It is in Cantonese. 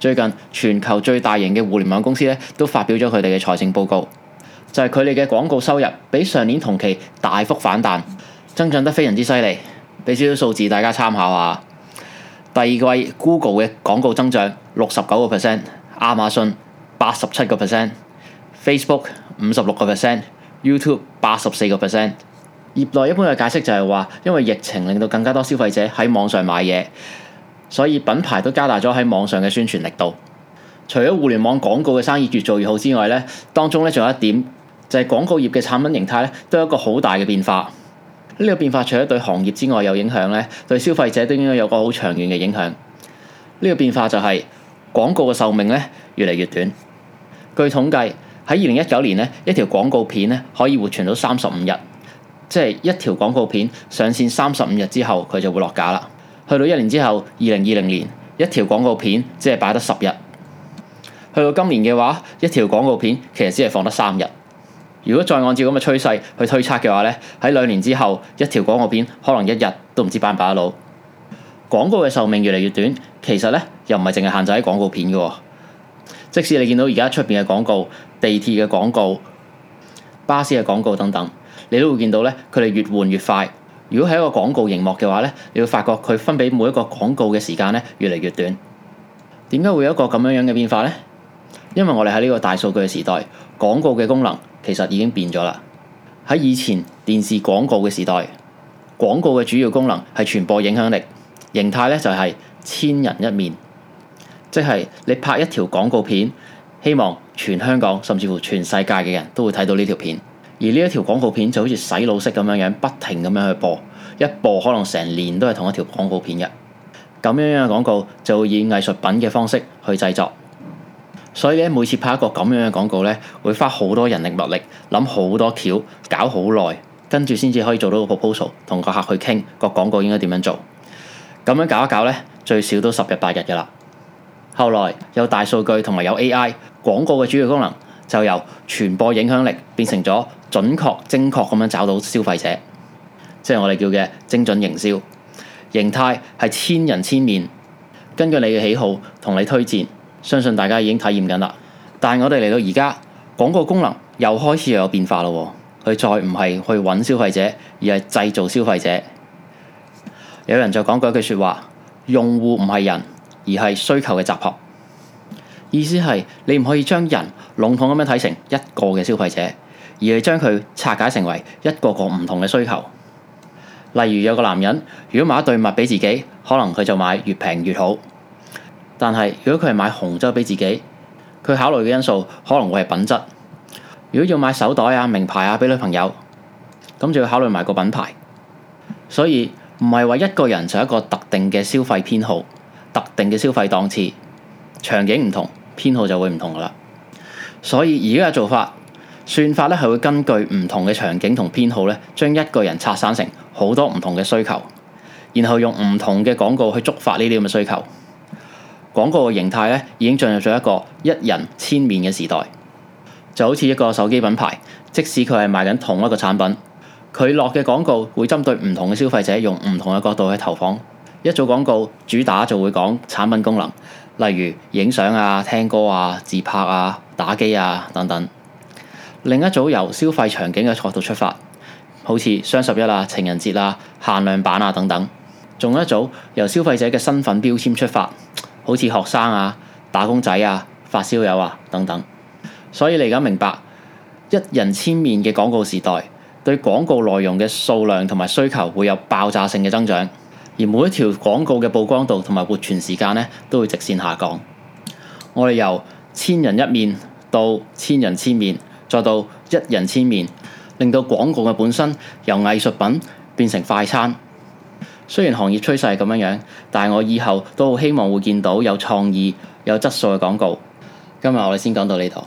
最近全球最大型嘅互聯網公司咧，都發表咗佢哋嘅財政報告，就係佢哋嘅廣告收入比上年同期大幅反彈，增長得非常之犀利。俾少少數字大家參考下。第二季 Google 嘅廣告增長六十九個 percent，亞馬遜八十七個 percent，Facebook 五十六個 percent，YouTube 八十四個 percent。業內一般嘅解釋就係話，因為疫情令到更加多消費者喺網上買嘢。所以品牌都加大咗喺網上嘅宣傳力度。除咗互聯網廣告嘅生意越做越好之外咧，當中咧仲有一點就係廣告業嘅產品形態咧，都有一個好大嘅變化。呢個變化除咗對行業之外有影響咧，對消費者都應該有個好長遠嘅影響。呢個變化就係廣告嘅壽命咧，越嚟越短。據統計，喺二零一九年咧，一條廣告片咧可以活存到三十五日，即係一條廣告片上線三十五日之後，佢就會落架啦。去到一年之後，二零二零年一條廣告片只係擺得十日；去到今年嘅話，一條廣告片其實只係放得三日。如果再按照咁嘅趨勢去推測嘅話咧，喺兩年之後，一條廣告片可能一日都唔知擺唔擺得到。廣告嘅壽命越嚟越短，其實咧又唔係淨係限制喺廣告片嘅喎。即使你見到而家出邊嘅廣告、地鐵嘅廣告、巴士嘅廣告等等，你都會見到咧，佢哋越換越快。如果係一個廣告熒幕嘅話咧，你會發覺佢分俾每一個廣告嘅時間咧越嚟越短。點解會有一個咁樣樣嘅變化咧？因為我哋喺呢個大數據嘅時代，廣告嘅功能其實已經變咗啦。喺以前電視廣告嘅時代，廣告嘅主要功能係傳播影響力，形態咧就係千人一面，即係你拍一條廣告片，希望全香港甚至乎全世界嘅人都會睇到呢條片。而呢一條廣告片就好似洗腦式咁樣樣，不停咁樣去播，一播可能成年都係同一條廣告片嘅。咁樣樣嘅廣告，就會以藝術品嘅方式去製作。所以咧，每次拍一個咁樣嘅廣告咧，會花好多人力物力，諗好多橋，搞好耐，跟住先至可以做到個 proposal，同個客去傾個廣告應該點樣做。咁樣搞一搞咧，最少都十日八日㗎喇。後來有大數據同埋有 AI，廣告嘅主要功能就由傳播影響力變成咗。準確、精確咁樣找到消費者，即係我哋叫嘅精準營銷。形態係千人千面，根據你嘅喜好同你推薦。相信大家已經體驗緊啦。但係我哋嚟到而家廣告功能又開始又有變化啦。佢再唔係去揾消費者，而係製造消費者。有人就講過一句説話：「用戶唔係人，而係需求嘅集合。意思係你唔可以將人籠統咁樣睇成一個嘅消費者。而係將佢拆解成為一個個唔同嘅需求。例如有個男人，如果買對襪俾自己，可能佢就買越平越好。但係如果佢係買紅酒俾自己，佢考慮嘅因素可能會係品質。如果要買手袋啊、名牌啊俾女朋友，咁就要考慮埋個品牌。所以唔係話一個人就一個特定嘅消費偏好、特定嘅消費檔次、場景唔同，偏好就會唔同㗎喇。所以而家嘅做法。算法咧係會根據唔同嘅場景同偏好咧，將一個人拆散成好多唔同嘅需求，然後用唔同嘅廣告去觸發呢啲咁嘅需求。廣告嘅形態咧已經進入咗一個一人千面嘅時代，就好似一個手機品牌，即使佢係賣緊同一個產品，佢落嘅廣告會針對唔同嘅消費者，用唔同嘅角度去投放。一組廣告主打就會講產品功能，例如影相啊、聽歌啊、自拍啊、打機啊等等。另一組由消費場景嘅角度出發，好似雙十一啊、情人節啊、限量版啊等等；仲有一組由消費者嘅身份標籤出發，好似學生啊、打工仔啊、發燒友啊等等。所以你而家明白一人千面嘅廣告時代，對廣告內容嘅數量同埋需求會有爆炸性嘅增長，而每一條廣告嘅曝光度同埋活存時間呢，都會直線下降。我哋由千人一面到千人千面。做到一人千面，令到廣告嘅本身由藝術品變成快餐。雖然行業趨勢係咁樣樣，但係我以後都好希望會見到有創意、有質素嘅廣告。今日我哋先講到呢度。